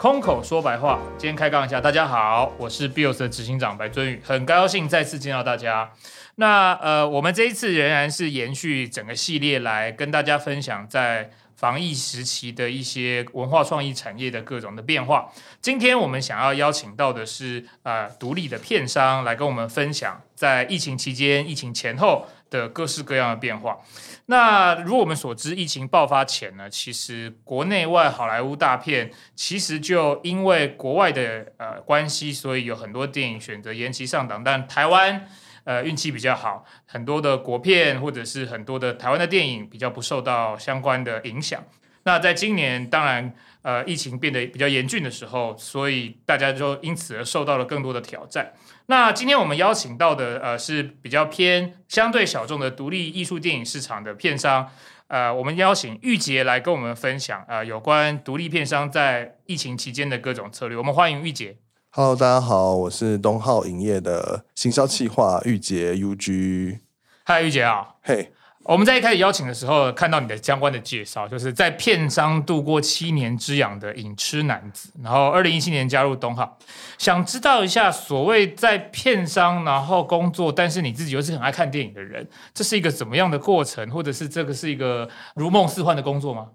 空口說白話，今天開槓一下。大家好，我是 BIOS 的執行長白尊宇，很高興再次見到大家。那呃，我們這一次仍然是延續整個系列來跟大家分享在防疫時期的一些文化創意產業的各種的變化。今天我們想要邀請到的是呃獨立的片商來跟我們分享在疫情期間、疫情前後的各式各樣的變化。那如果我們所知，疫情爆發前呢，其實國內外好萊塢大片其實就因為國外的呃關係，所以有很多電影選擇延期上檔。但台灣呃運氣比較好，很多的國片或者是很多的台灣的電影比較不受到相關的影響。那在今年，當然。呃，疫情變得比較嚴峻的時候，所以大家就因此而受到了更多的挑戰。那今天我們邀請到的呃是比較偏相對小眾的獨立藝術電影市場的片商，呃，我們邀請鈺杰來跟我們分享呃有關獨立片商在疫情期間的各種策略。我們歡迎鈺杰。Hello，大家好，我是東昊影業的行銷企劃鈺杰 U G。嗨，鈺杰啊。嘿、hey。我們在一開始邀請的時候，看到你的相關的介紹，就是在片商度過七年之癢的影痴男子，然後二零一七年加入東昊。想知道一下，所謂在片商然後工作，但是你自己又是很愛看電影的人，這是一個怎麼樣的過程，或者是這個是一個如夢似幻的工作嗎？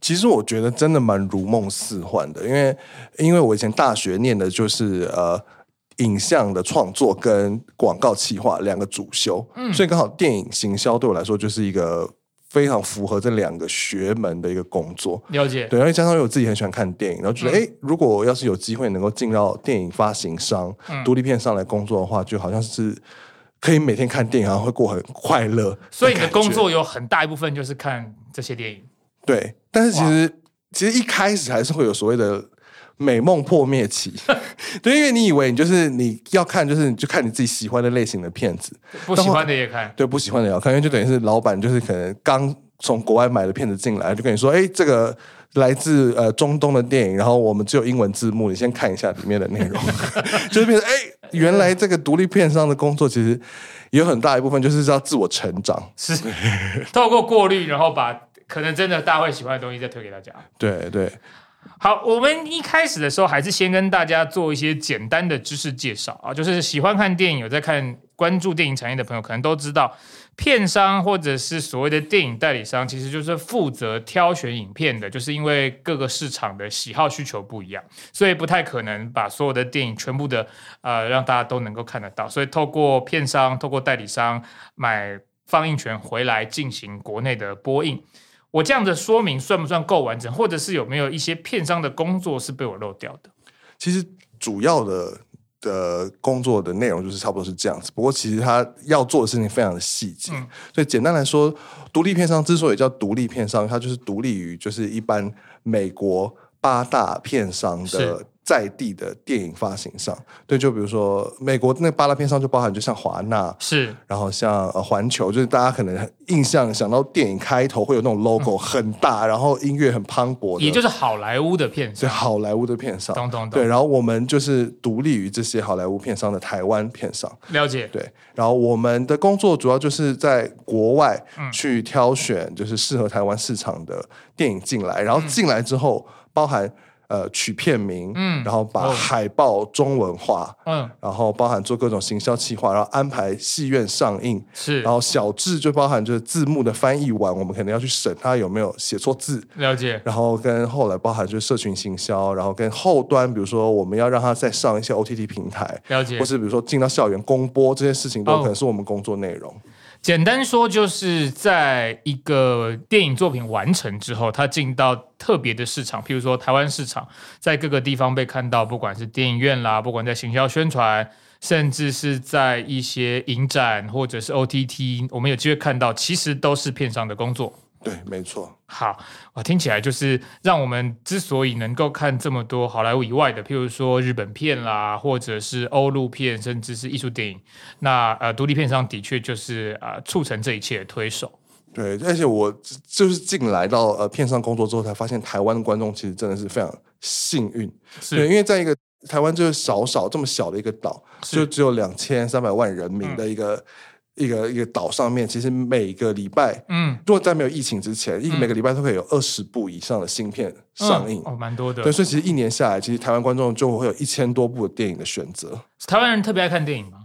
其實我覺得真的蠻如夢似幻的，因為因為我以前大學念的就是呃。影像的創作跟廣告企劃兩個主修，嗯，所以剛好電影行銷對我來說就是一個非常符合這兩個學門的一個工作。了解，對，因為加上我自己很喜歡看電影，然後覺得，哎、嗯，如果要是有機會能夠進到電影發行商、嗯、獨立片商來工作的話，就好像是可以每天看電影，然後會過很快樂。所以你的工作有很大一部分就是看這些電影，對。但是其實其實一開始還是會有所謂的。美夢破滅期， 對，因為你以為你就是你要看，就是你就看你自己喜歡的類型的片子，不喜歡的也看，對，不喜歡的也要看。因為就等於是老闆就是可能剛從國外買的片子進來，就跟你說，哎、欸，這個來自呃中東的電影，然後我們只有英文字幕，你先看一下裡面的內容， 就是變成哎、欸，原來這個獨立片商的工作其實有很大一部分就是要自我成長，是透過過濾，然後把可能真的大家會喜歡的東西再推給大家，對對。好，我們一開始的時候還是先跟大家做一些簡單的知識介紹啊，就是喜歡看電影、有在看、關注電影產業的朋友，可能都知道，片商或者是所謂的電影代理商，其實就是負責挑選影片的，就是因為各個市場的喜好需求不一樣，所以不太可能把所有的電影全部的呃讓大家都能夠看得到，所以透過片商、透過代理商買放映權回來進行國內的播映。我這樣的說明算不算夠完整，或者是有沒有一些片商的工作是被我漏掉的？其實主要的的工作的內容就是差不多是這樣子，不過其實他要做的事情非常的細節，嗯，所以簡單來說，獨立片商之所以叫獨立片商，它就是獨立於就是一般美國八大片商的，在地的電影發行上，對，就比如說美國那八大片商就包含，就像華納是，然後像呃環球，就是大家可能印象想到電影開頭會有那種 logo 很大，嗯、然後音樂很磅礴的，也就是好萊塢的片，是好萊塢的片商，對，然後我們就是獨立於這些好萊塢片商的台灣片商，了解，對，然後我們的工作主要就是在國外去挑選，就是適合台灣市場的電影進來，嗯、然後進來之後包含。呃，取片名，嗯，然後把海報中文化，嗯、哦，然後包含做各種行銷企劃，然後安排戲院上映，是，然後小字就包含就是字幕的翻譯完，我們可能要去審他有沒有寫錯字，了解，然後跟後來包含就是社群行銷，然後跟後端，比如說我們要讓他再上一些 OTT 平台，了解，或是比如說進到校園公播這件事情都可能是我們工作內容。哦簡單說，就是在一個電影作品完成之後，它進到特別的市場，譬如說台灣市場，在各個地方被看到，不管是電影院啦，不管在行銷宣傳，甚至是在一些影展或者是 OTT，我們有機會看到，其實都是片商的工作。對，沒錯。好，我聽起來就是讓我們之所以能夠看這麼多好萊塢以外的，譬如說日本片啦，或者是歐陸片，甚至是藝術電影，那呃獨立片上的確就是啊、呃、促成這一切的推手。對，而且我就是進來到呃片上工作之後，才發現台灣的觀眾其實真的是非常幸運，是，因為在一個台灣就是少少這麼小的一個島，就只有兩千三百萬人民的一個、嗯。一個一個島上面，其實每個禮拜，嗯，如果在沒有疫情之前，嗯，一個每個禮拜都會有二十部以上的新片上映，嗯，哦，蠻多的。對，所以其實一年下來，其實台灣觀眾就會有一千多部電影的選擇。台灣人特別愛看電影嗎？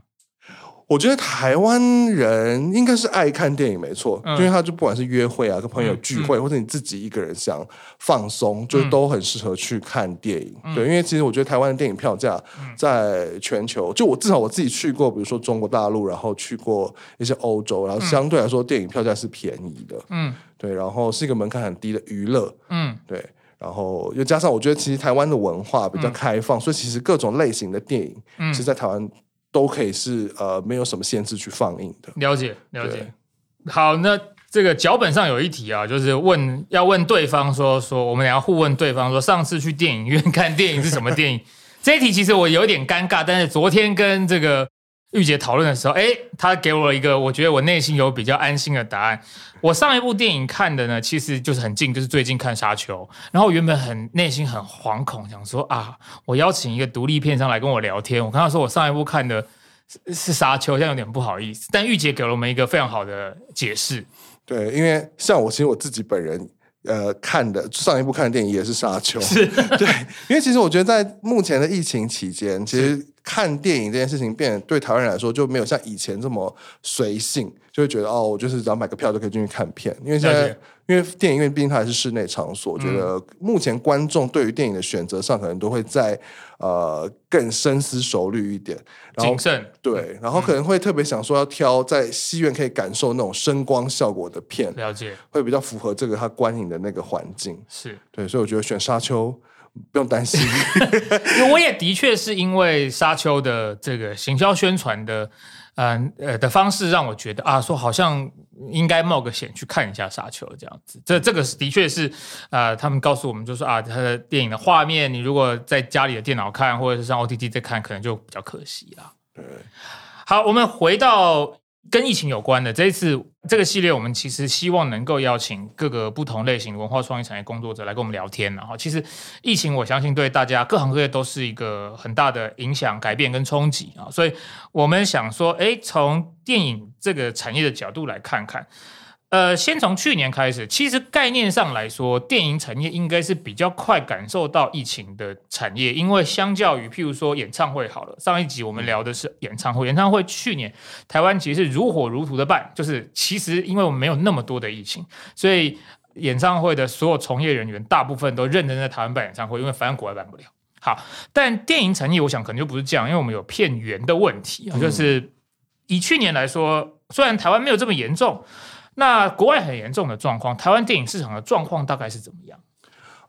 我覺得台灣人應該是愛看電影，沒錯，嗯、因為他就不管是約會啊，跟朋友聚會，嗯、或者你自己一個人想放鬆，嗯、就是、都很適合去看電影、嗯。對，因為其實我覺得台灣的電影票價在全球、嗯，就我至少我自己去過，比如說中國大陸，然後去過一些歐洲，然後相對來說電影票價是便宜的。嗯，對，然後是一個門檻很低的娛樂。嗯，對，然後又加上我覺得其實台灣的文化比較開放，嗯、所以其實各種類型的電影，嗯，其實在台灣。都可以是呃，沒有什麼限制去放映的，了解了解。好，那這個腳本上有一題啊，就是問要問對方說說，我們倆要互問對方說，上次去電影院看電影是什麼電影？ 這一題其實我有點尷尬，但是昨天跟這個。鈺杰討論的時候，哎，她給我一個我覺得我內心有比較安心的答案。我上一部電影看的呢，其實就是很近，就是最近看《沙丘》，然後原本很內心很惶恐，想說啊，我邀請一個獨立片商來跟我聊天，我看到說我上一部看的是是《沙丘》，現在有點不好意思。但鈺杰給了我們一個非常好的解釋。對，因為像我，其實我自己本人，呃，看的上一部看的電影也是《沙丘》，是 對，因為其實我覺得在目前的疫情期間，其實。看電影這件事情變對台灣人來說就沒有像以前這麼隨性，就會覺得哦，我就是只要買個票就可以進去看片。因為現在，因為電影院畢竟它還是室內場所，我、嗯、覺得目前觀眾對於電影的選擇上可能都會再呃更深思熟慮一點，謹慎對、嗯，然後可能會特別想說要挑在戲院可以感受那種聲光效果的片，了解會比較符合這個他觀影的那個環境。是對，所以我覺得選《沙丘》。不用擔心 我也的確是因為《沙丘》的這個行銷宣傳的，嗯呃、呃的方式，讓我覺得啊，說好像應該冒個險去看一下《沙丘》這樣子。這這個的確是啊、呃，他們告訴我們就是說啊，他的電影的畫面，你如果在家裡的電腦看，或者是上 OTT 再看，可能就比較可惜啦。對，好，我們回到跟疫情有關的這一次。這個系列我們其實希望能夠邀請各個不同類型文化創意產業工作者來跟我們聊天，然後其實疫情我相信對大家各行各業都是一個很大的影響、改變跟衝擊啊，所以我們想說，哎，從電影這個產業的角度來看看。呃，先從去年開始，其實概念上來說，電影產業應該是比較快感受到疫情的產業，因為相較於譬如說演唱會，好了，上一集我們聊的是演唱會，嗯、演唱會去年台灣其實是如火如荼的辦，就是其實因為我們沒有那麼多的疫情，所以演唱會的所有從業人員大部分都認真在台灣辦演唱會，因為反正國外辦不了。好，但電影產業我想可能就不是這樣，因為我們有片源的問題、啊嗯、就是以去年來說，雖然台灣沒有這麼嚴重。那國外很嚴重的狀況，台灣電影市場的狀況大概是怎麼樣？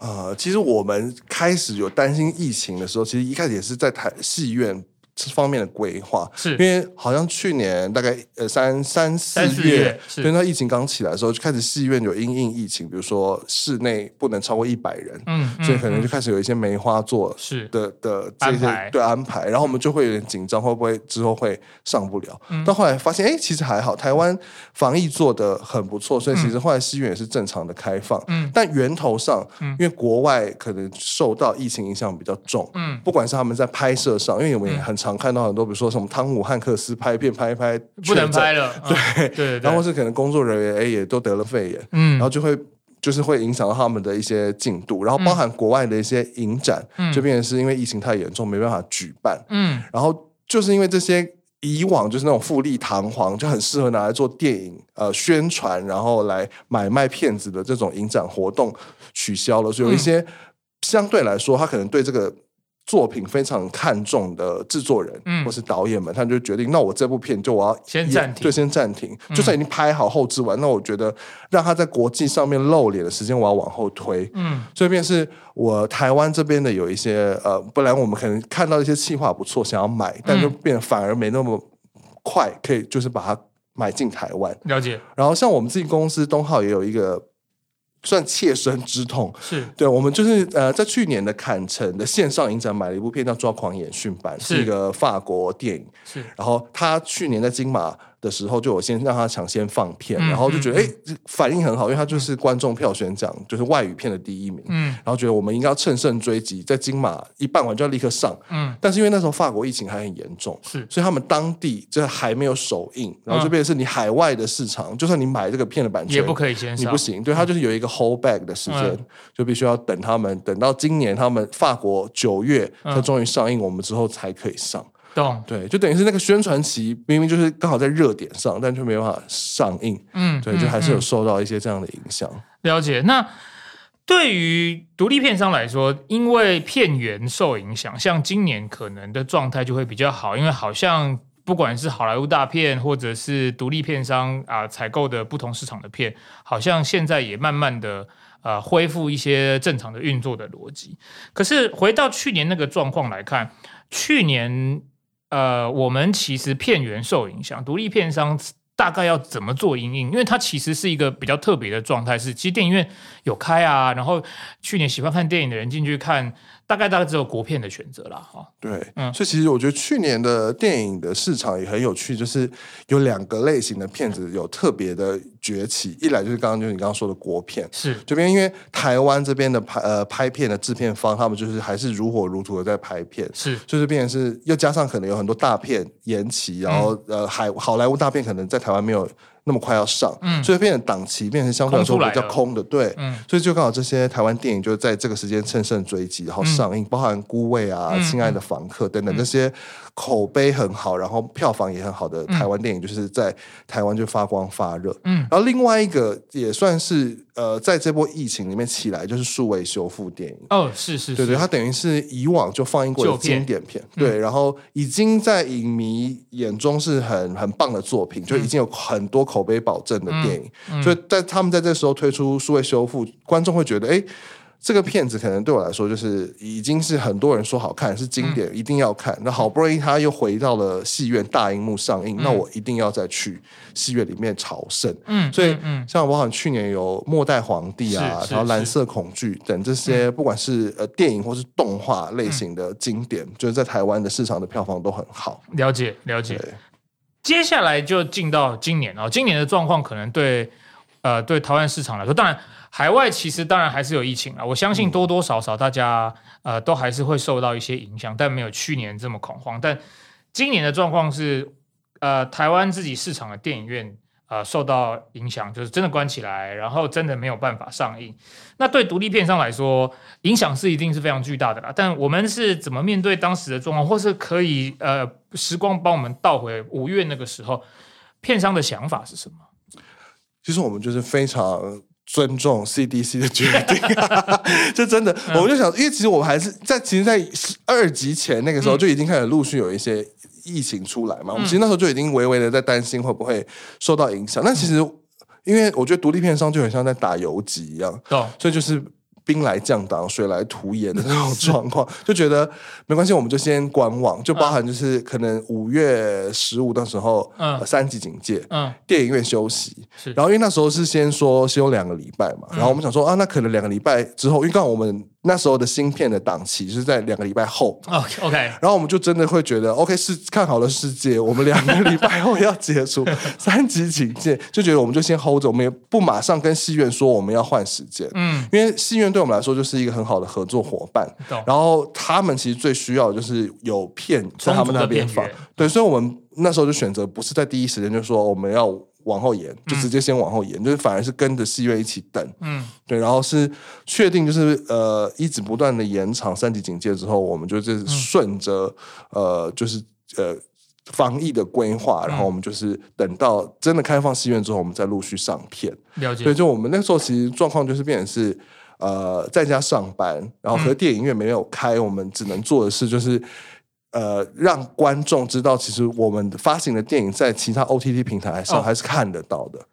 呃，其實我們開始有擔心疫情的時候，其實一開始也是在台戲院。方面的規劃，是因為好像去年大概呃三三四月，所以那疫情剛起來的時候，就開始戲院有因應疫情，比如說室內不能超過一百人，嗯，嗯，所以可能就開始有一些梅花座，是的、的這些安、對安排，然後我們就會有點緊張，會不會之後會上不了？到、嗯、後來發現，哎，其實還好，台灣防疫做得很不錯，所以其實後來戲院也是正常的開放，嗯，但源頭上，因為國外可能受到疫情影響比較重，嗯，不管是他們在拍攝上，因為我們也很常。看到很多，比如說什麼湯姆漢克斯拍一片拍一拍，不能拍了對、嗯，對對。然後是可能工作人員哎也都得了肺炎，嗯，然後就會就是會影響到他們的一些進度。然後包含國外的一些影展，這、嗯、就變成是因為疫情太嚴重、嗯、沒辦法舉辦，嗯。然後就是因為這些以往就是那種富麗堂皇就很適合拿來做電影呃宣傳，然後來買賣片子的這種影展活動取消了，所以有一些、嗯、相對來說，他可能對這個。作品非常看重的制作人，嗯，或是導演們、嗯，他就決定，那我這部片就我要先暫停，就先暫停、嗯，就算已經拍好後製完，那我覺得讓他在國際上面露臉的時間，我要往後推，嗯，這邊是我台灣這邊的有一些呃，不然我們可能看到一些計劃不錯，想要買，但就變反而沒那麼快，可以就是把它買進台灣，了解。然後像我們自己公司東昊也有一個。算切身之痛，是對，我們就是呃，在去年的坎城的線上影展買了一部片叫《抓狂演訓班》是，是一個法國電影。是，然後他去年在金馬的時候，就我先讓他搶先放片，嗯、然後就覺得哎、嗯，反應很好、嗯，因為他就是觀眾票選獎、嗯，就是外語片的第一名。嗯，然後覺得我們應該要乘勝追擊，在金馬一辦完就要立刻上。嗯，但是因為那時候法國疫情還很嚴重，是，所以他們當地就還沒有首映，然後這邊是你海外的市場，就算你買這個片的版權也不可以先，你不行。對，他就是有一個 hold back 的時間、嗯，就必須要等他們等到今年他們法國九月他終於上映、嗯，我們之後才可以上。懂對，就等於是那個宣傳期，明明就是剛好在熱點上，但卻沒有辦法上映。嗯，對，就還是有受到一些這樣的影響。嗯嗯嗯、了解。那對於獨立片商來說，因為片源受影響，像今年可能的狀態就會比較好，因為好像不管是好萊塢大片，或者是獨立片商啊、呃，採購的不同市場的片，好像現在也慢慢的啊、呃，恢復一些正常的運作的邏輯。可是回到去年那個狀況來看，去年。呃，我們其實片源受影響，獨立片商大概要怎麼做因應？因為它其實是一個比較特別的狀態，是其實電影院有開啊，然後去年喜歡看電影的人進去看。大概大概只有國片的選擇了哈，對，嗯，所以其實我覺得去年的電影的市場也很有趣，就是有兩個類型的片子有特別的崛起，一來就是剛剛就是你剛剛說的國片，是這邊因為台灣這邊的拍呃拍片的製片方，他們就是還是如火如荼的在拍片，是，就是這邊是又加上可能有很多大片延期，然後、嗯、呃海好萊塢大片可能在台灣沒有。那麼快要上，嗯，所以變成檔期變成相對來說比較空的，空，對，嗯，所以就剛好這些台灣電影就在這個時間乘勝追擊，然後上映，嗯、包含《孤味》啊，嗯《親愛的房客》嗯、等等那、嗯、些口碑很好，然後票房也很好的台灣電影，就是在台灣就發光發熱。嗯，然後另外一個也算是呃，在這波疫情裡面起來就是數位修復電影，哦，是、是、是，對、對、對，它等於是以往就放映過經典片、片、嗯，對，然後已經在影迷眼中是很很棒的作品、嗯，就已經有很多口。口碑保證的電影、嗯嗯，所以在他們在這時候推出數位修復，觀眾會覺得，哎，這個片子可能對我來說就是已經是很多人說好看是經典、嗯，一定要看。那好不容易他又回到了戲院大銀幕上映、嗯，那我一定要再去戲院裡面朝聖。嗯，所以像我好像去年有《末代皇帝》啊，然後《藍色恐懼》等這些，不管是呃電影或是動畫類型的經典，嗯、就是、在台灣的市場的票房都很好。嗯嗯、了解，了解。接下來就進到今年了哦，今年的狀況可能對，呃，對台灣市場來說，當然海外其實當然還是有疫情啊，我相信多多少少大家呃都還是會受到一些影響，但沒有去年這麼恐慌。但今年的狀況是，呃，台灣自己市場的電影院。啊、呃，受到影響就是真的關起來，然後真的沒有辦法上映。那對獨立片商來說，影響是一定是非常巨大的啦。但我們是怎麼面對當時的狀況，或是可以呃，時光幫我們倒回五月那個時候，片商的想法是什麼？其實我們就是非常。尊重 CDC 的決定，哈哈哈，這真的，我們就想，因為其實我們還是在，其實，在二級前那個時候就已經開始陸續有一些疫情出來嘛。我們其實那時候就已經微微的在擔心會不會受到影響。但其實，因為我覺得獨立片商就很像在打游擊一樣，所以就是。兵來將擋，水來土掩的那種狀況，就覺得沒關係，我們就先觀望，就包含就是可能五月十五的時候，嗯、呃，三級警戒，嗯，電影院休息，是，然後因為那時候是先說休兩個禮拜嘛，然後我們想說、嗯、啊，那可能兩個禮拜之後，因為剛好我們。那時候的新片的檔期就是在兩個禮拜後。Okay, OK，然後我們就真的會覺得，OK 是看好了世界，我們兩個禮拜後要結束 三級警戒，就覺得我們就先 hold 着，我們也不馬上跟戲院說我們要換時間。嗯，因為戲院對我們來說就是一個很好的合作夥伴。然後他們其實最需要的就是有片在他們那邊放。對，所以我們那時候就選擇不是在第一時間就說我們要。往後延，就直接先往後延，嗯、就是反而是跟着戲院一起等，嗯，對，然後是確定就是呃一直不斷的延長三級警戒之後，我們就是順着、嗯、呃就是呃防疫的規劃，然後我們就是等到真的開放戲院之後，我們再陸續上片。了解，所以就我們那時候其實狀況就是變成是呃在家上班，然後和電影院沒有開，嗯、我們只能做的事就是。呃，讓觀眾知道，其實我們發行的電影在其他 OTT 平台上還是看得到的。哦、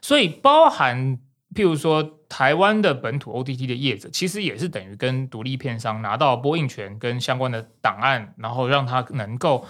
所以，包含譬如說台灣的本土 OTT 的業者，其實也是等於跟獨立片商拿到播映權跟相關的檔案，然後讓他能夠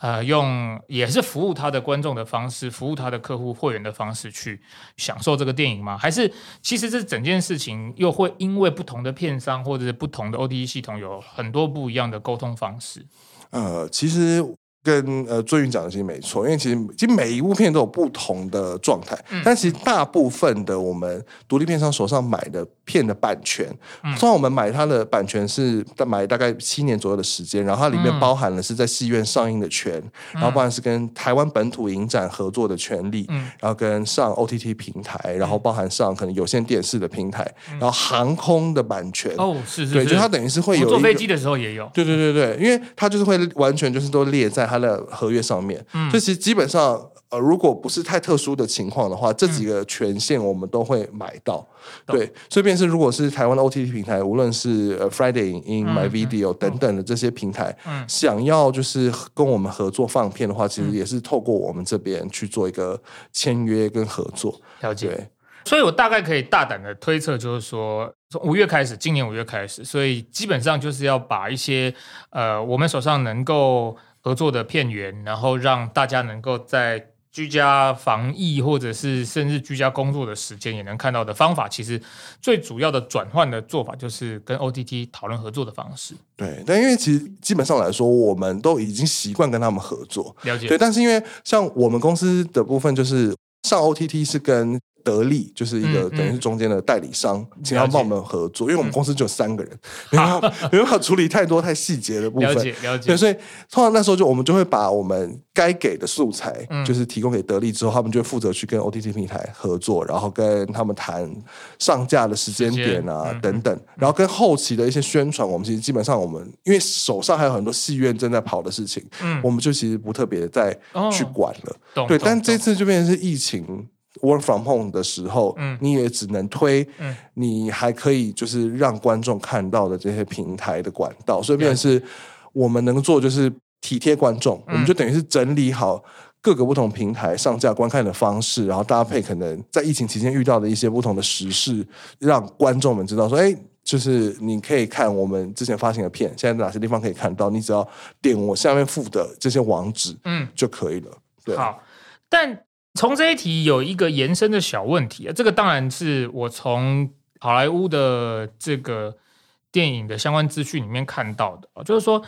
呃用也是服務他的觀眾的方式，服務他的客戶會員的方式去享受這個電影嗎？還是其實這整件事情又會因為不同的片商或者是不同的 OTT 系統有很多不一樣的溝通方式？呃,，其實。跟呃，最近講的其實沒錯，因為其實其實每一部片都有不同的狀態、嗯，但其實大部分的我們獨立片商手上買的片的版權，雖、嗯、然我們買它的版權是買大概七年左右的時間，然後它裡面包含了是在戲院上映的權、嗯，然後包含是跟台灣本土影展合作的權利、嗯，然後跟上 OTT 平台，然後包含上可能有線電視的平台，嗯、然後航空的版權，、嗯、的版權哦，是，是是，對，就它等於是會有、哦、坐飛機的時候也有，對對對對，嗯、因為它就是會完全就是都列在。它的合約上面，所、嗯、以其實基本上，呃，如果不是太特殊的情況的話，這幾個權限我們都會買到。嗯、對，所以便是如果是台灣的 OTT 平台，無論是 Friday、In My、嗯、Video 等等的這些平台，嗯，想要就是跟我們合作放片的話，嗯、其實也是透過我們這邊去做一個簽約跟合作。了解。對，所以我大概可以大膽的推測，就是說從五月開始，今年五月開始，所以基本上就是要把一些呃，我們手上能夠。合作的片源，然後讓大家能夠在居家防疫或者是甚至居家工作的時間也能看到的方法，其實最主要的轉換的做法就是跟 OTT 討論合作的方式。對，但因為其實基本上來說，我們都已經習慣跟他們合作。了解。對，但是因為像我們公司的部分，就是上 OTT 是跟。得力就是一個等於是中間的代理商，嗯嗯、請他幫我們合作，因為我們公司只有三個人，嗯、沒辦法沒辦法處理太多太細節的部分。了解了解。對，所以通常那時候就我們就會把我們該給的素材，嗯、就是提供給得力之後，他們就負責去跟 OTT 平台合作，然後跟他們談上架的時間點啊、嗯、等等，然後跟後期的一些宣傳，我們其實基本上我們因為手上還有很多戲院正在跑的事情，嗯，我們就其實不特別再去管了。哦、對，但這次就變成是疫情。Work from home 的時候，嗯，你也只能推，嗯，你還可以就是讓觀眾看到的這些平台的管道，所、嗯、以變成是我們能做就是體貼觀眾、嗯，我們就等於是整理好各個不同平台上架觀看的方式，然後搭配可能在疫情期間遇到的一些不同的時事，讓觀眾們知道說，誒，就是你可以看我們之前發行的片，現在哪些地方可以看到，你只要點我下面附的這些網址，嗯，就可以了、嗯。對，好，但。從這一題有一個延伸的小問題啊，這個當然是我從好萊塢的這個電影的相關資訊裡面看到的啊，就是說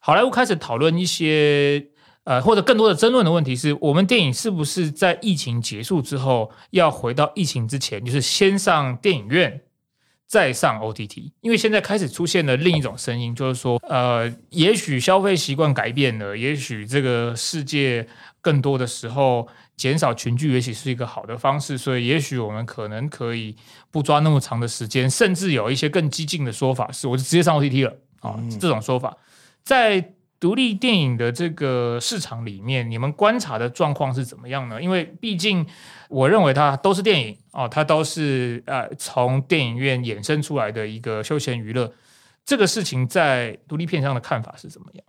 好萊塢開始討論一些呃或者更多的爭論的問題，是我們電影是不是在疫情結束之後要回到疫情之前，就是先上電影院再上 OTT？因為現在開始出現了另一種聲音，就是說呃，也許消費習慣改變了，也許這個世界更多的時候。減少群聚，也許是一個好的方式，所以也許我們可能可以不抓那麼長的時間，甚至有一些更激進的說法是，我就直接上 OTT 了啊！哦嗯、這種說法，在獨立電影的這個市場裡面，你們觀察的狀況是怎麼樣呢？因為畢竟我認為它都是電影啊、哦，它都是呃從電影院衍生出來的一個休閒娛樂，這個事情在獨立片上的看法是怎麼樣？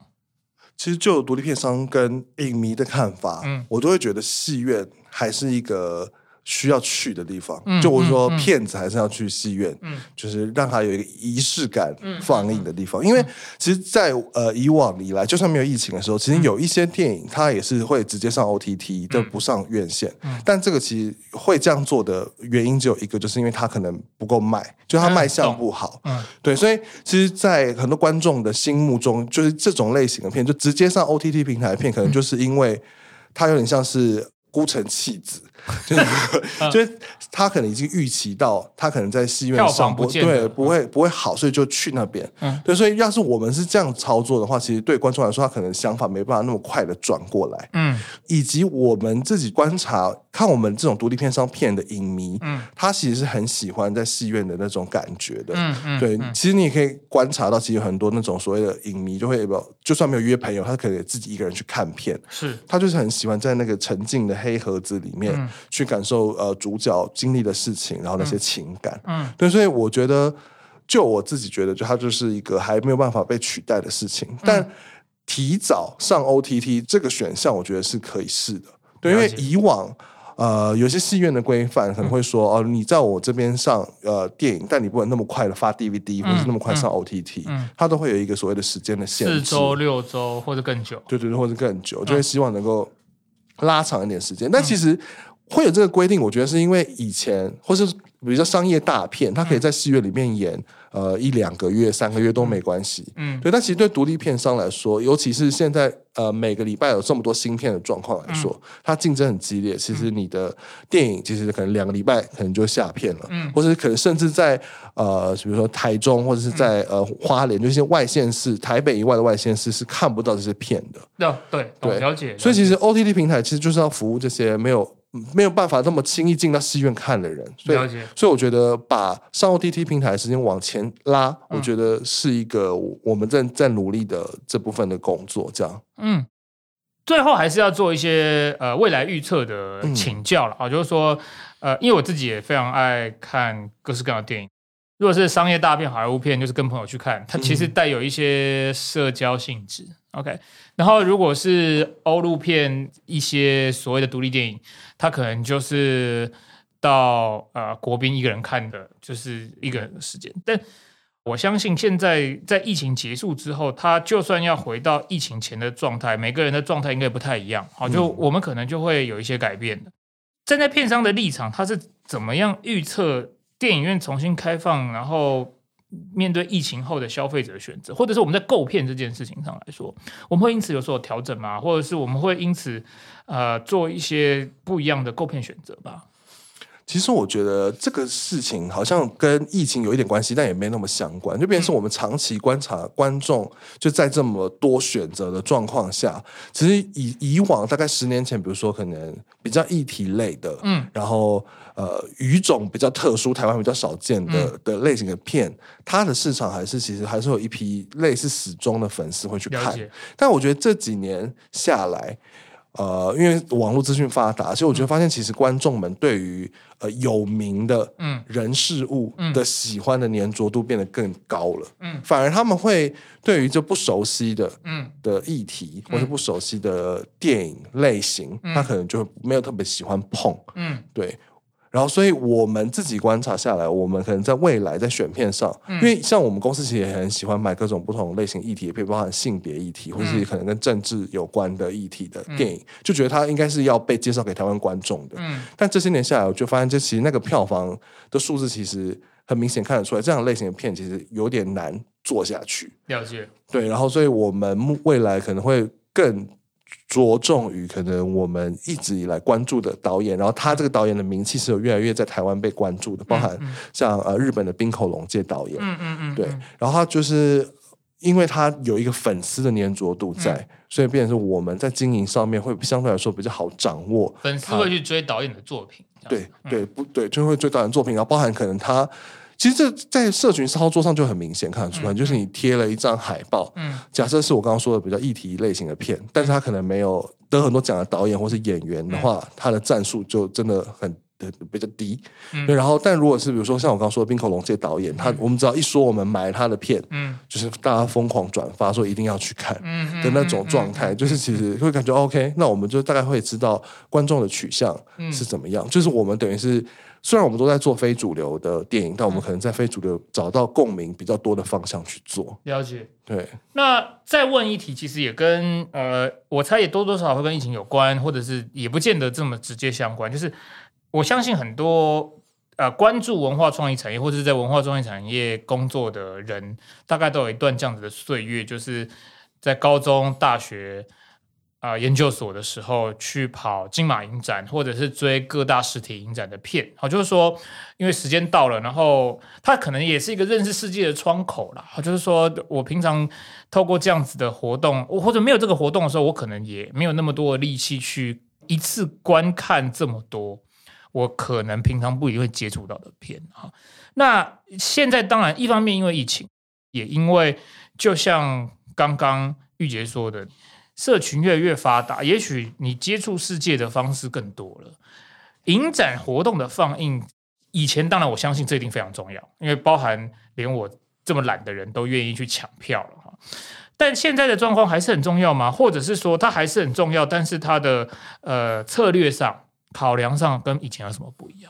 其實就獨立片商跟影迷的看法，嗯，我都會覺得戲院還是一個需要去的地方，就我說，片子還是要去戲院，嗯嗯，就是讓他有一個儀式感放映的地方。嗯嗯，因為其實在，在呃以往以來，就算沒有疫情的時候，其實有一些電影它也是會直接上 OTT，都不上院線，嗯嗯嗯。但這個其實會這樣做的原因只有一個，就是因為它可能不夠賣，就它賣相不好嗯嗯。嗯，對，所以其實，在很多觀眾的心目中，就是這種類型的片，就直接上 OTT 平台的片，可能就是因為它有點像是孤城棄子。就是，就是他可能已經預期到，他可能在戲院上播票房不見，對，不會不會好，所以就去那邊、嗯。對，所以要是我們是這樣操作的話，其實對觀眾來說，他可能想法沒辦法那麼快的轉過來。嗯，以及我們自己觀察，看我們這種獨立片商片的影迷，嗯，他其實是很喜歡在戲院的那種感覺的。嗯嗯，對，其實你也可以觀察到，其實很多那種所謂的影迷，就會就算沒有約朋友，他可以自己一個人去看片，是他就是很喜歡在那個沉靜的黑盒子裡面。嗯去感受呃，主角經歷的事情，然後那些情感，嗯，嗯對，所以我覺得，就我自己覺得，就它就是一個還沒有辦法被取代的事情。嗯、但提早上 OTT 這個選項，我覺得是可以試的。對，因為以往呃，有些戲院的規範可能會說，嗯、哦，你在我這邊上呃電影，但你不能那麼快的發 DVD，或者是那麼快上 OTT，嗯，嗯嗯，它都會有一個所謂的時間的限制，四周、六周或者更久，對對對對，或者更久、嗯，就會希望能夠拉長一點時間。嗯、但其實。嗯會有這個規定，我覺得是因為以前，或是比如說商業大片，它可以在戲院裡面演，呃，一兩個月、三個月都沒關係。嗯，對。但其實對獨立片商來說，尤其是現在，呃，每個禮拜有這麼多新片的狀況來說，它競爭很激烈。其實你的電影其實可能兩個禮拜可能就下片了，嗯，或者可能甚至在呃，比如說台中，或者是在呃花蓮，就是一些外縣市，台北以外的外縣市是看不到這些片的。對對，了解。所以其實 OTT 平台其實就是要服務這些沒有。沒有辦法這麼輕易進到戲院看的人，所以所以我覺得把上 OTT 平台的時間往前拉，嗯，我覺得是一個我們在在努力的這部分的工作。這樣，嗯，最後還是要做一些呃未來預測的請教了啊，嗯哦，就是說呃，因為我自己也非常愛看各式各樣的電影。如果是商業大片、好萊塢片，就是跟朋友去看，它其實帶有一些社交性質，嗯。OK，然後如果是歐陸片、一些所謂的獨立電影，它可能就是到呃國賓一個人看的，就是一個人的時間，嗯。但我相信，現在在疫情結束之後，他就算要回到疫情前的狀態，每個人的狀態應該不太一樣。好，就我們可能就會有一些改變，嗯。站在片商的立場，他是怎麼樣預測？電影院重新開放，然後面對疫情後的消費者選擇，或者是我們在購片這件事情上來說，我們會因此有所調整嗎？或者是我們會因此呃做一些不一樣的購片選擇吧？其實我覺得這個事情好像跟疫情有一點關係，但也沒那麼相關。就變成我們長期觀察觀眾，就在這麼多選擇的狀況下，其實以以往大概十年前，比如說可能比較議題類的，嗯，然後。呃，語種比較特殊，台灣比較少見的的類型的片，嗯，它的市場還是其實還是有一批類似死忠的粉絲會去看。但我覺得這幾年下來，呃，因為網絡資訊發達，所以我覺得發現其實觀眾們對於呃有名的人事物的喜歡的黏着度變得更高了。嗯，嗯，反而他們會對於就不熟悉的嗯的議題，嗯，或者不熟悉的電影類型，嗯，他可能就沒有特別喜歡碰。嗯，對。然後，所以我們自己觀察下來，我們可能在未來在選片上，嗯、因為像我們公司其實也很喜歡買各種不同類型議題，也可以包含性別議題、嗯，或者是可能跟政治有關的議題的電影、嗯，就覺得它應該是要被介紹給台灣觀眾的。嗯、但這些年下來，我就發現，這其實那個票房的數字其實很明顯看得出來，這樣類型的片其實有點難做下去。了解。對，然後，所以我們未來可能會更。着重於可能我們一直以來關注的導演，然後他這個導演的名氣是有越來越在台灣被關注的，包含像、嗯嗯、像呃日本的濱口龍介導演，嗯嗯嗯，對，然後他就是因為他有一個粉絲的粘着度在、嗯，所以變成是我們在經營上面會相對來說比較好掌握，粉絲會去追導演的作品，嗯、對對不？對，就會追導演作品，然後包含可能他。其實這在社群操作上就很明顯看得出來，嗯、就是你貼了一張海報、嗯，假設是我剛剛說的比較議題類型的片，嗯、但是他可能沒有得很多獎的導演或是演員的話，嗯、他的戰術就真的很比較低，嗯、然後但如果是比如說像我剛剛說的濱口龍介這些導演、嗯，他我們只要一說我們買他的片、嗯，就是大家瘋狂轉發說一定要去看，嗯嗯的那種狀態、嗯嗯嗯，就是其實會感覺、嗯哦、OK，那我們就大概會知道觀眾的取向是怎麼樣，嗯、就是我們等於是。雖然我們都在做非主流的電影，但我們可能在非主流找到共鳴比較多的方向去做。了解，對。那再問一題，其實也跟呃，我猜也多多少少會跟疫情有關，或者是也不見得這麼直接相關。就是我相信很多啊、呃，關注文化創意產業或者是在文化創意產業工作的人，大概都有一段這樣子的歲月，就是在高中、大學。啊、呃！研究所的時候去跑金馬影展，或者是追各大實體影展的片，好，就是說，因為時間到了，然後它可能也是一個認識世界的窗口了。好，就是說我平常透過這樣子的活動，我或者沒有這個活動的時候，我可能也沒有那麼多的力氣去一次觀看這麼多我可能平常不一定會接觸到的片，好，啊，那現在當然一方面因為疫情，也因為就像剛剛鈺杰說的。社群越來越發達，也許你接觸世界的方式更多了。影展活動的放映，以前當然我相信這一定非常重要，因為包含連我這麼懶的人都願意去搶票了哈。但現在的狀況還是很重要嗎？或者是說它還是很重要，但是它的呃策略上考量上跟以前有什麼不一樣？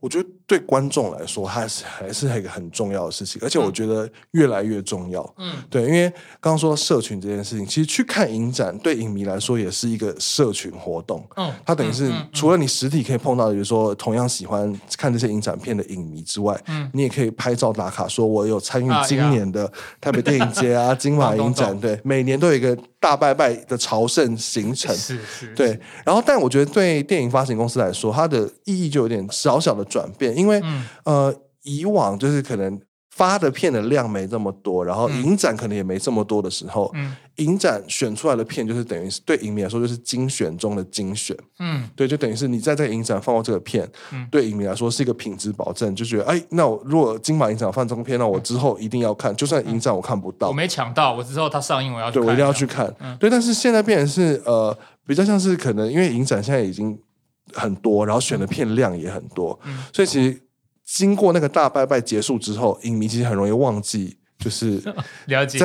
我覺得。對觀眾來說，它還是，還是一個很重要的事情，而且我覺得越來越重要。嗯，對，因為剛剛說到社群這件事情，其實去看影展對影迷來說也是一個社群活動。嗯，它等於是、嗯嗯、除了你實體可以碰到，比如說同樣喜歡看這些影展片的影迷之外，嗯，你也可以拍照打卡，說我有參與今年的台北電影節啊、金 馬影展。對，每年都有一個大拜拜的朝聖行程。是是。對，然後但我覺得對電影發行公司來說，它的意義就有點小小的轉變。因為、嗯、呃，以往就是可能發的片的量沒這麼多，然後影展可能也沒這麼多的時候，嗯、影展選出來的片就是等於對影迷來說就是精選中的精選，嗯，對，就等於是你再在這個影展放過這個片，嗯、對影迷來說是一個品質保證，就覺得哎，那我如果金馬影展放中片，那我之後一定要看，嗯、就算影展我看不到、嗯，我沒搶到，我之後它上映我要去看，對，我一定要去看，嗯、對。但是現在變成是呃，比較像是可能因為影展現在已經。很多，然後選的片量也很多，嗯，所以其實經過那個大拜拜結束之後，嗯，影迷其實很容易忘記，就是在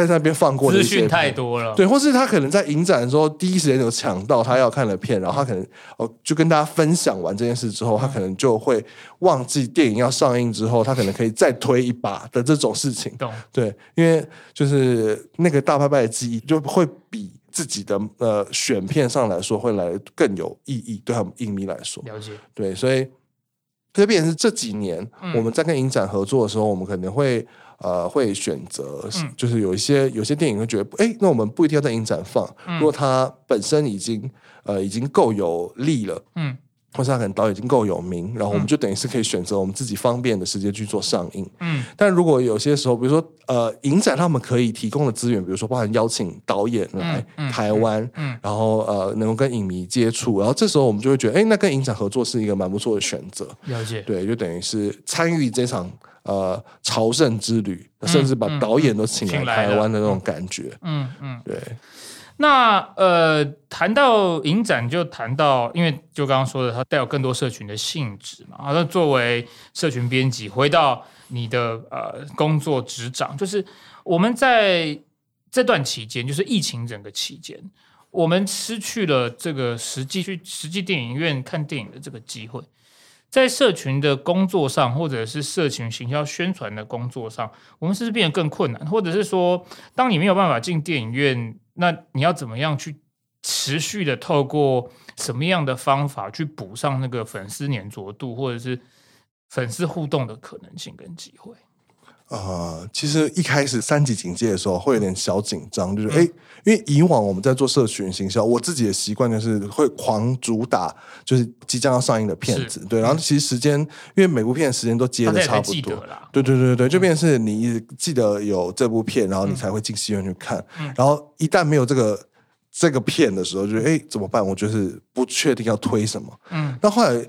那邊放過的資訊太多了，對，或是他可能在影展的時候第一時間有搶到他要看的片，然後他可能哦就跟大家分享完這件事之後，嗯，他可能就會忘記電影要上映之後，他可能可以再推一把的這種事情，對，因為就是那個大拜拜的記憶就會比自己的呃選片上來說，會來更有意義，對他們影迷來說。了解，對，所以特別是這幾年，嗯，我們在跟影展合作的時候，我們可能會呃會選擇，嗯，就是有一些有些電影會覺得，哎，欸，那我們不一定要在影展放，嗯，如果它本身已經呃已經夠有力了，嗯。或是他可能導演已經夠有名，然後我們就等於是可以選擇我們自己方便的時間去做上映。嗯，但如果有些時候，比如說呃，影展他們可以提供的資源，比如說包含邀請導演來、嗯嗯、台灣，嗯，嗯然後呃能夠跟影迷接觸，然後這時候我們就會覺得，哎，那跟影展合作是一個蠻不錯的選擇。了解，對，就等於是參與這場呃朝聖之旅，甚至把導演都請來台灣的那種感覺。嗯嗯，嗯，對。那呃，談到影展，就談到，因為就剛剛說的，它帶有更多社群的性質嘛。那作為社群編輯，回到你的呃工作職掌，就是我們在這段期間，就是疫情整個期間，我們失去了這個實際去實際電影院看電影的這個機會，在社群的工作上，或者是社群行銷宣傳的工作上，我們是不是變得更困難？或者是說，當你沒有辦法進電影院，那你要怎麼樣去持續的透過什麼樣的方法去補上那個粉絲黏着度，或者是粉絲互動的可能性跟機會？啊、呃，其實一開始三級警戒的時候會有點小緊張，嗯、就是哎、欸，因為以往我們在做社群行銷，我自己的習慣就是會狂主打，就是即將要上映的片子，對。然後其實時間，嗯、因為每部片的時間都接得差不多，啊、對得對對對對，就變成是你記得有這部片，嗯、然後你才會進戲院去看、嗯。然後一旦沒有這個這個片的時候，就哎、欸、怎麼辦？我就是不確定要推什麼。嗯，但後來。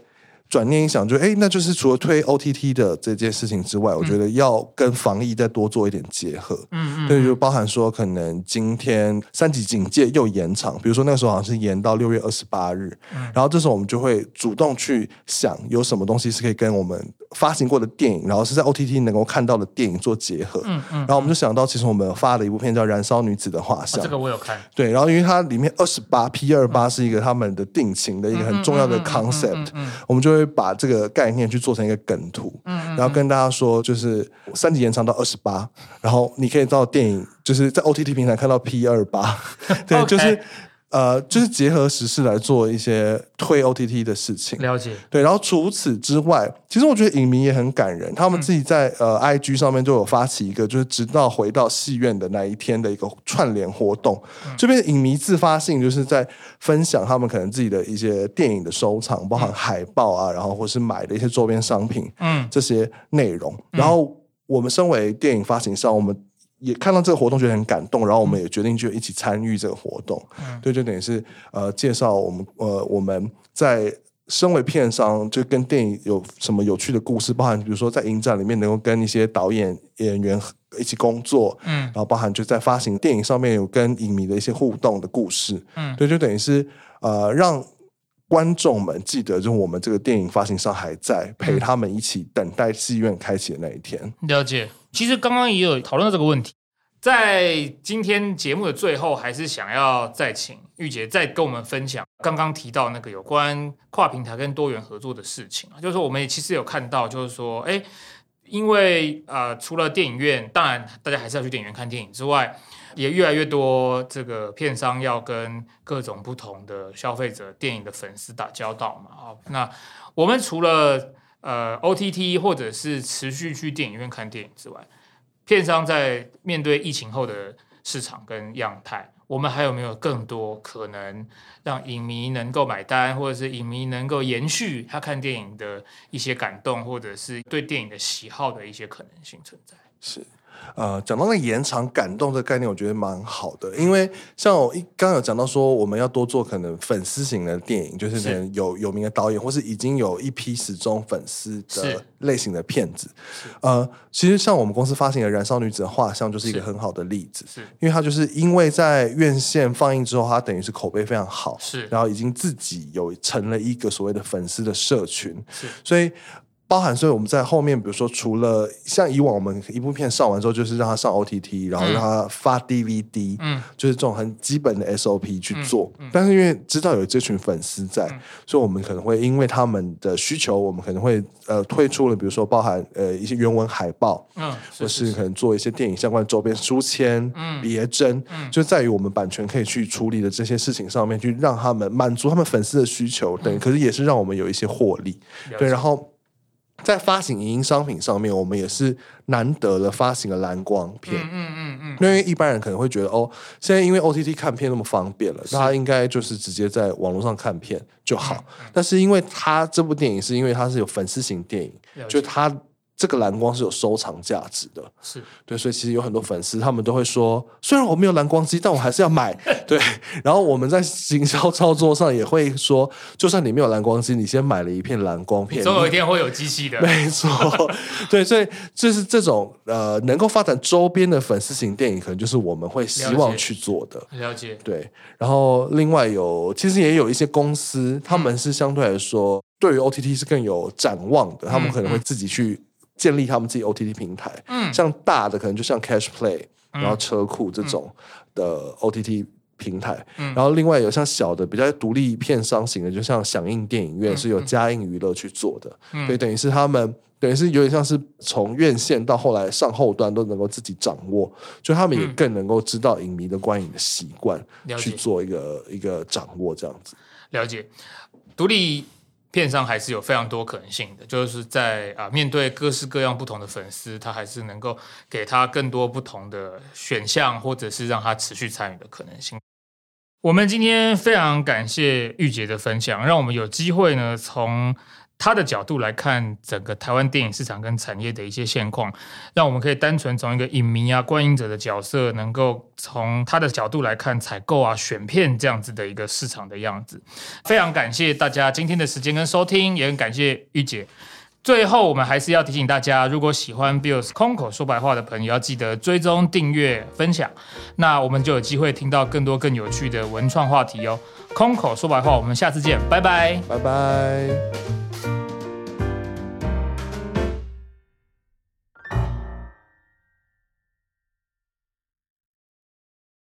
轉念一想就，就哎，那就是除了推 OTT 的這件事情之外，我覺得要跟防疫再多做一點結合。嗯嗯，所以就包含說，可能今天三級警戒又延長，比如說那時候好像是延到六月二十八日。嗯，然後這時候我們就會主動去想有什麼東西是可以跟我們。發行過的電影，然後是在 OTT 能夠看到的電影做結合，嗯嗯，然後我們就想到，其實我們發了一部片叫《燃燒女子的畫像》，哦、這個我有看，對，然後因為它裡面二十八 P 二八是一個他們的定情的一個很重要的 concept。嗯嗯嗯嗯嗯嗯嗯嗯、我們就會把這個概念去做成一個梗圖，嗯，嗯嗯然後跟大家說，就是三級延長到二十八，然後你可以到電影就是在 OTT 平台看到 P 二八，對，okay、就是。呃，就是結合時事來做一些推 OTT 的事情，了解。對，然後除此之外，其實我覺得影迷也很感人，他們自己在、嗯、呃 IG 上面就有發起一個，就是直到回到戲院的那一天的一個串聯活動。嗯、這邊影迷自發性就是在分享他們可能自己的一些電影的收藏，包含海報啊，然後或是買的一些週邊商品，嗯，這些內容。然後我們身為電影發行商，我們。也看到這個活動覺得很感動，然後我們也決定就一起參與這個活動。嗯，對，就等於是呃介紹我們呃我們在身為片商就跟電影有什麼有趣的故事，包含比如說在影展裡面能夠跟一些導演演員一起工作，嗯，然後包含就在發行電影上面有跟影迷的一些互動的故事，嗯，對，就等於是呃讓觀眾們記得，就我們這個電影發行商還在陪他們一起等待戲院開啟的那一天。嗯、了解。其實剛剛也有討論到這個問題，在今天節目的最後，還是想要再請鈺杰再跟我們分享剛剛提到那個有關跨平台跟多元合作的事情啊，就是說我們也其實有看到，就是說，誒因為、呃、除了電影院，當然大家還是要去電影院看電影之外，也越來越多這個片商要跟各種不同的消費者、電影的粉絲打交道嘛，啊，那我們除了。.呃，OTT 或者是持續去電影院看電影之外，片商在面對疫情後的市場跟樣態。我們還有沒有更多可能讓影迷能夠買單，或者是影迷能夠延續他看電影的一些感動，或者是對電影的喜好的一些可能性存在？是，呃，講到那延長感動這個概念，我覺得蠻好的，因為像我一剛剛，有講到說，我們要多做可能粉絲型的電影，就是可能有有名的導演，或是已經有一批死忠粉絲的。類型的片子，呃，其實像我們公司發行的《燃燒女子的畫像》就是一個很好的例子，是，是因為它就是因為在院線放映之後，它等於是口碑非常好，是，然後已經自己有成了一個所謂的粉絲的社群，是，所以。包含，所以我們在後面，比如說，除了像以往我們一部片上完之後，就是讓他上 OTT，、嗯、然後讓他發 DVD，嗯，就是這種很基本的 SOP 去做。嗯嗯、但是因為知道有這群粉絲在、嗯，所以我們可能會因為他們的需求，我們可能會呃、嗯、推出了，比如說包含呃一些原文海報，嗯，或是可能做一些電影相關的周邊書籤、別、嗯、針、嗯，就在於我們版權可以去處理的這些事情上面，嗯、去讓他們滿足他們粉絲的需求，等於，可是也是讓我們有一些獲利，嗯、對，然後。在發行影音、音商品上面，我們也是難得的發行了藍光片，嗯嗯嗯、嗯，因為一般人可能會覺得，哦，現在因為 OTT 看片那麼方便了，那他應該就是直接在網絡上看片就好。嗯嗯。但是因為他這部電影是因為他是有粉絲型電影，就他。這個藍光是有收藏價值的是，是對，所以其實有很多粉絲，他們都會說，雖然我沒有藍光機，但我還是要買。對，然後我們在行銷操作上也會說，就算你沒有藍光機，你先買了一片藍光片，總有一天會有機器的，沒錯。 對，所以就是這種呃，能夠發展周邊的粉絲型電影，可能就是我們會希望去做的。了解，了解對。然後另外有，其實也有一些公司，他們是相對來說、嗯、對於 OTT 是更有展望的，他們可能會自己去。建立他們自己 OTT 平台、嗯，像大的可能就像 CatchPlay，、嗯、然後車庫這種的 OTT 平台、嗯，然後另外有像小的比較獨立片商型的，就像想映電影院是有佳映娛樂去做的、嗯嗯，所以等於是他們、嗯、等於是有點像是從院線到後來上後端都能夠自己掌握，所以他們也更能夠知道影迷的觀影的習慣，去做一個一個掌握這樣子。了解，獨立。片商還是有非常多可能性的，就是在啊，面對各式各樣不同的粉絲，他還是能夠給他更多不同的選項，或者是讓他持續參與的可能性。我們今天非常感謝鈺杰的分享，讓我們有機會呢從。他的角度來看整個台灣電影市場跟產業的一些現況，讓我們可以單純從一個影迷啊、觀影者的角色，能夠從他的角度來看採購啊、選片這樣子的一個市場的樣子。非常感謝大家今天的時間跟收聽，也很感謝鈺杰。最後，我們還是要提醒大家，如果喜歡 BIOS 空口說白話的朋友，要記得追蹤、訂閱、分享，那我們就有機會聽到更多更有趣的文創話題哦。空口說白話，我們下次見，拜拜，拜拜。